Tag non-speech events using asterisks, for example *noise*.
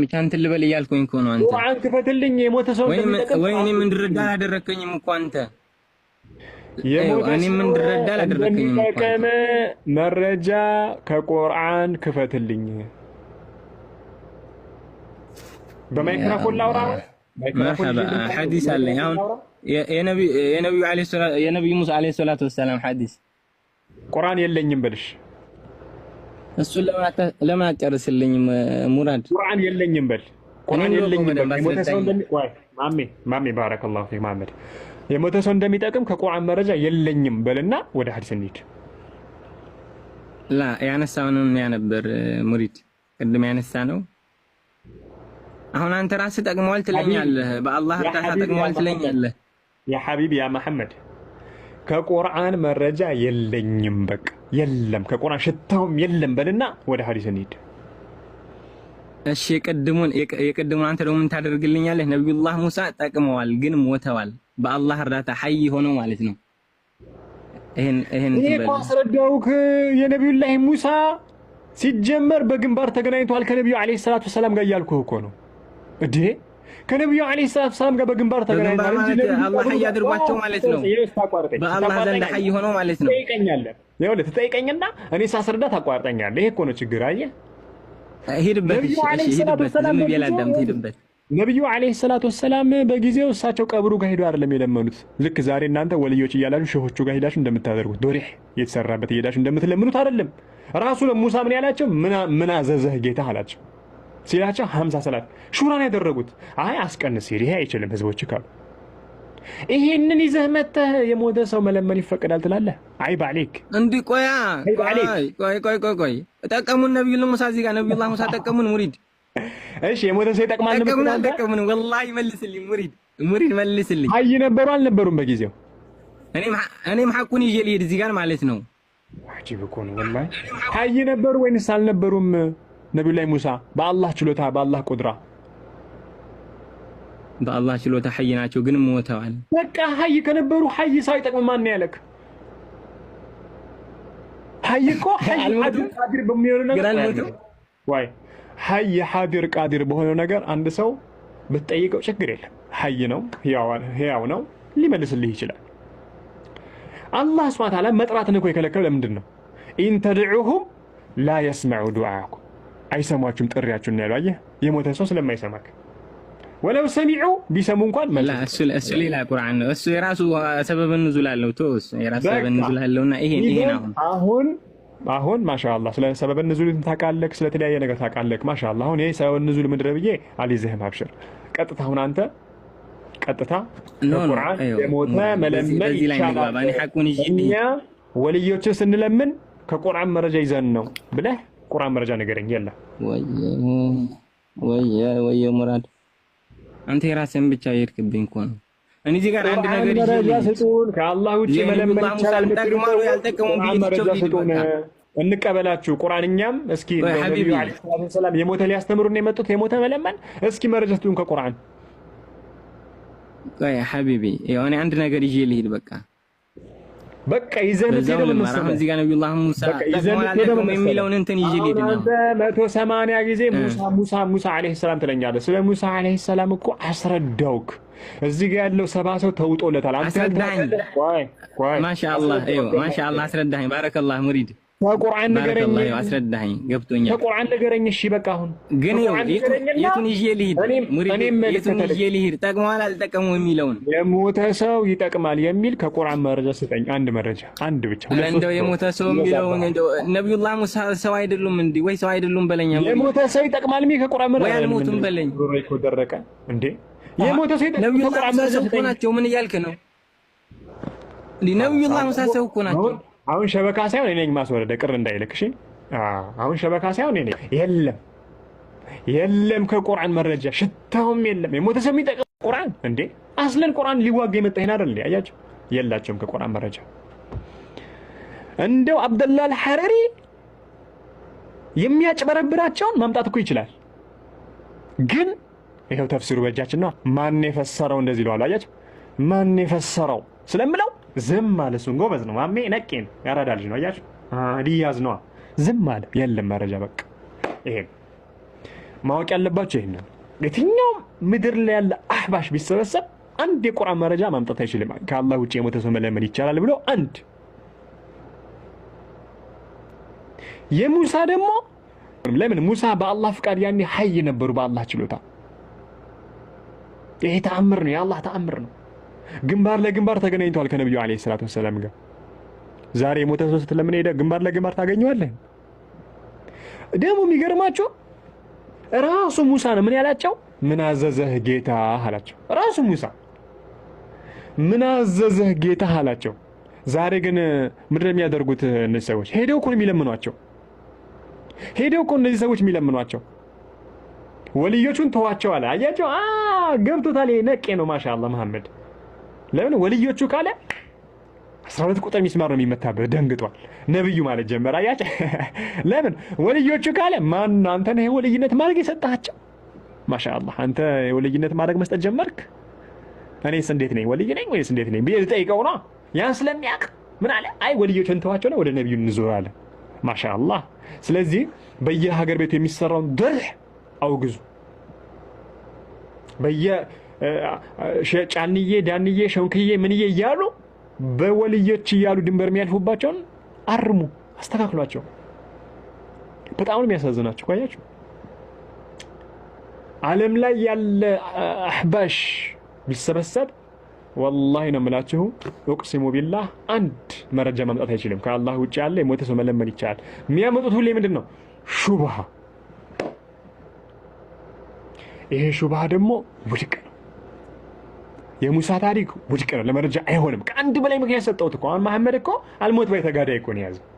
እንትን ልበል እያልኩኝ እኮ ነው። አንተ ቁርአን ክፈትልኝ የሞተ ሰው ወይ እኔም እንድረዳ አላደረከኝም እኮ አንተ። እኔም እንድረዳ አላደረከኝም እኮ መረጃ ከቁርአን ክፈትልኝ። በማይክሮፎን ላውራ። መርሐባ ሐዲስ አለኝ አሁን የነብዩ ሙሳ ዓለይሂ ሰላቱ ወሰላም ሐዲስ ቁርአን የለኝም በልሽ እሱን ለምን አጨርስልኝም? ሙራድ ቁርአን የለኝም በል ቁርአን የለኝም በል። ማሜ ባረከላሁ ፊክ መሐመድ፣ የሞተ ሰው እንደሚጠቅም ከቁርአን መረጃ የለኝም በልና ወደ ሀዲስ እንሂድ። ላ ያነሳውንም ያ ነበር ሙሪድ ቅድም ያነሳ ነው። አሁን አንተ ራስህ ጠቅመዋል ትለኛለህ፣ በአላህ እርዳታ ጠቅመዋል ትለኛለህ። ያ ሐቢብ ያ መሐመድ ከቁርአን መረጃ የለኝም፣ በቃ የለም፣ ከቁርአን ሽታውም የለም በልና ወደ ሀዲስ እንሂድ። እሺ የቅድሙን የቅድሙን አንተ ደግሞ ምን ታደርግልኛለህ? ነቢዩላህ ሙሳ ጠቅመዋል፣ ግን ሞተዋል። በአላህ እርዳታ ሀይ ሆኖ ማለት ነው። ይሄን ይሄን አስረዳውክ። የነቢዩላህ ሙሳ ሲጀመር በግንባር ተገናኝቷል ከነቢዩ አለይሂ ሰላቱ ሰላም ጋር እያልኩህ እኮ ነው እዴ ከነቢዩ ዓለይሂ ሰላቱ ሰላም ጋር በግንባር ተገናኝተናል እንጂ አላህ ሐይ አድርጓቸው ማለት ነው። በአላህ ዘንድ ሀይ ሆኖ ማለት ነው። ትጠይቀኛለህ፣ ይኸውልህ ትጠይቀኝና እኔ ሳስረዳ ታቋርጠኛለህ። ይሄ እኮ ነው ችግር። አየህ፣ ሂድበት፣ ዝም ብዬ ላዳምጥ፣ ሂድበት። ነቢዩ ዓለይሂ ሰላቱ ወሰላም በጊዜው እሳቸው ቀብሩ ጋር ሄዱ አይደለም የለመኑት። ልክ ዛሬ እናንተ ወልዮች እያላችሁ ሸሆቹ ጋር ሄዳችሁ እንደምታደርጉት ዶሪሕ የተሰራበት እየሄዳችሁ እንደምትለምኑት አይደለም። ራሱ ለሙሳ ምን ያላቸው ምን አዘዘህ ጌታ አላቸው ሲላቸው ሀምሳ ሰላት ሹራን ያደረጉት አይ አስቀንስ ሲል ይሄ አይችልም ህዝቦች ካሉ ይሄንን ይዘህ መተህ የሞተ ሰው መለመን ይፈቀዳል ትላለህ? አይ ባሌክ እንዲ ቆያ ቆይ ቆይ ቆይ ቆይ ጠቀሙን። ነቢዩላ ሙሳ እዚህ ጋር ነቢዩላ ሙሳ ጠቀሙን። ሙሪድ እሺ፣ የሞተ ሰው ይጠቅማል። ጠቀሙን አልጠቀሙን? ወላሂ መልስልኝ ሙሪድ፣ ሙሪድ መልስልኝ። አይ ነበሩ አልነበሩም በጊዜው። እኔም ሐቁን ይዤ ልሄድ እዚህ ጋር ማለት ነው። አጂብ እኮ ነው ወላሂ። አይ ነበሩ ወይንስ አልነበሩም? ነቢዩላይ ሙሳ በአላህ ችሎታ በአላህ ቁድራ በአላህ ችሎታ ሀይ ናቸው፣ ግን ሞተዋል። በቃ ሀይ ከነበሩ ሀይ ሳይጠቅም ማን ያለክ? ሀይ እኮ ሀዲር በሚሆነው ነገር ዋይ ሀይ ሀዲር ቃዲር በሆነው ነገር አንድ ሰው ብትጠይቀው ችግር የለም። ሀይ ነው፣ ህያው ነው፣ ሊመልስልህ ይችላል። አላህ ስብሐ ወተዓላ መጥራትን እኮ የከለከለው ለምንድን ነው? ኢን ተድዑሁም ላ የስመዑ ዱዓኩም አይሰማችሁም ጥሪያችሁን ያሉ አየ የሞተ ሰው ስለማይሰማክ ወለው ሰሚዑ ቢሰሙ እንኳን እሱ ሌላ ቁርአን ነው። እሱ የራሱ ሰበብ ንዙል አለው። የራሱ ሰበብ ንዙል አለውና ይሄን ይሄን አሁን አሁን ማሻአላ ስለ ሰበብ ንዙል ታውቃለህ፣ ስለተለያየ ነገር ታውቃለህ። ማሻአላ አሁን ይሄ ሰበብ ንዙል ምድረ ብዬ አልይዝህም። አብሽር ቀጥታ አሁን አንተ ቀጥታ ቁርአን የሞተ መለመን ይቻላል። እኛ ወልዮችን ስንለምን ከቁርአን መረጃ ይዘን ነው ብለህ ቁርአን መረጃ ነገረኝ የለም። ወየ ሙራድ አንተ የራስህን ብቻ የሄድክብኝ እኮ ነው። እኔ እዚህ ጋር አንድ ነገር ስጡን፣ ከአላህ ውጭ መለመን ይቻላል። እንቀበላችሁ ቁርአንኛም እስኪ ነብዩ ዓለይሂ ሰላም የሞተ ሊያስተምሩን የመጡት የሞተ መለመን፣ እስኪ መረጃ ስጡን ከቁርአን። ቆይ ሐቢቢ እኔ አንድ ነገር ይዤ ልሂድ በቃ በቃ ይዘን እዚህ ጋር ነብዩላህ የሚለውን እንትን ይዤ ልሄድ ነው። መቶ ሰማንያ ጊዜ ሙሳ ሙሳ ሙሳ ዓለይሂ ሰላም ትለኛለህ። ስለ ሙሳ ዓለይሂ ሰላም እኮ አስረዳውክ። እዚህ ጋር ያለው ሰባ ሰው ተውጦለታል። ማሻአላህ ማሻአላህ፣ አስረዳኸኝ። ባረከላህ ሙሪድ ቁርአን ነገረኝ፣ አስረዳኸኝ፣ ገብቶኛል። ከቁርአን ነገረኝ። እሺ በቃ አሁን ግን የቱን ይዤ ልሂድ? የቱን ይዤ ልሂድ? ጠቅመዋል አልጠቀሙም የሚለውን የሞተ ሰው ይጠቅማል የሚል ከቁርአን መረጃ ስጠኝ። አንድ መረጃ፣ አንድ ብቻ። እንደው የሞተ ሰው የሚለውን ነቢዩላህ ሙሳ ሰው አይደሉም እንዲ ወይ ሰው አይደሉም በለኛ። የሞተ ሰው ይጠቅማል የሚል ከቁርአን መረጃ ወይ አልሞቱም በለኝ። ደረቀ እንዴ? የሞተ ሰው ይጠቅማል። ነቢዩላህ ሙሳ ሰው እኮ ናቸው። ምን እያልክ ነው? ነቢዩላህ ሙሳ ሰው እኮ ናቸው። አሁን ሸበካ ሳይሆን እኔ ነኝ ማስወረደ ቅር እንዳይልክ። እሺ አሁን ሸበካ ሳይሆን እኔ የለም የለም ከቁርአን መረጃ ሽታውም የለም። የሞተ ሰው የሚጠቅም ቁርአን እንዴ አስለን ቁርአን ሊዋጋ የመጣ ይሄን አይደል? አያቸው የላቸውም ከቁርአን መረጃ። እንደው አብደላ አልሐረሪ የሚያጭበረብራቸውን ማምጣት እኮ ይችላል። ግን ይኸው ተፍሲሩ በእጃችን ነው። ማን የፈሰረው እንደዚህ ይለዋሉ። አያቸው ማን የፈሰረው ስለምለው ዝም አለ። እሱን ጎበዝ ነው ማሜ ነቄን ያራዳ ልጅ ነው። አያችሁ ሊያዝ ነዋ። ዝም አለ። የለም መረጃ በቃ ይሄ ማወቅ ያለባቸው ነው። የትኛውም ምድር ላይ ያለ አህባሽ ቢሰበሰብ አንድ የቁርአን መረጃ ማምጣት አይችልም። ከአላህ ውጭ የሞተ ሰው መለመን ይቻላል ብሎ አንድ የሙሳ ደግሞ ለምን ሙሳ በአላህ ፍቃድ ያኔ ሀይ ነበሩ። በአላህ ችሎታ ይሄ ተአምር ነው። የአላህ ተአምር ነው። ግንባር ለግንባር ተገናኝተዋል ከነቢዩ ዓለይሂ ሰላቱ ወሰላም ጋር። ዛሬ የሞተ ሰው ስትለምን ሄደ ግንባር ለግንባር ታገኘዋለህ። ደግሞ የሚገርማቸው ራሱ ሙሳ ነው ምን ያላቸው? ምን አዘዘህ ጌታ አላቸው። ራሱ ሙሳ ምን አዘዘህ ጌታ አላቸው። ዛሬ ግን ምድር የሚያደርጉት እነዚህ ሰዎች? ሄደው እኮ ነው የሚለምኗቸው። ሄደው እኮ እነዚህ ሰዎች የሚለምኗቸው ወልዮቹን ተዋቸዋል። አያቸው፣ ገብቶታል። ነቄ ነው ማሻላ መሐመድ ለምን ወልዮቹ ካለ 12 ቁጥር ሚስማር ነው የሚመታበት። ደንግጧል። ነብዩ ማለት ጀመረ። አያቸው *laughs* ለምን ወልዮቹ ካለ ማን አንተ ነህ የወልይነት ማድረግ የሰጣቸው? ማሻአላህ አንተ የወልይነት ማድረግ መስጠት ጀመርክ። እኔስ እንዴት ነኝ ወልይ ነኝ ወይስ እንዴት ነኝ ብዬ ልጠይቀው ነው። ያን ስለሚያውቅ ምን አለ? አይ ወልዮቹ ነው ወደ ነብዩ እንዞራለን። ማሻአላህ። ስለዚህ በየሀገር ቤቱ የሚሰራውን ድርህ አውግዙ። በየ ጫንዬ ዳንዬ ሸንክዬ ምንዬ እያሉ በወልዮች እያሉ ድንበር የሚያልፉባቸውን አርሙ፣ አስተካክሏቸው። በጣም ነው የሚያሳዝናቸው። ካያችሁ ዓለም ላይ ያለ አህባሽ ቢሰበሰብ ወላሂ ነው የምላችሁ፣ ኡቅሲሙ ቢላህ አንድ መረጃ ማምጣት አይችልም። ከአላህ ውጭ ያለ የሞተ ሰው መለመን ይቻላል። የሚያመጡት ሁሌ ምንድን ነው ሹብሃ ይሄ ሹብሃ ደግሞ ውድቅ ነው። የሙሳ ታሪክ ውድቅ ነው፣ ለመረጃ አይሆንም። ከአንድ በላይ ምክንያት ሰጠውት እኮ አሁን መሐመድ እኮ አልሞት ባይ ተጋዳይ እኮ ነው የያዘው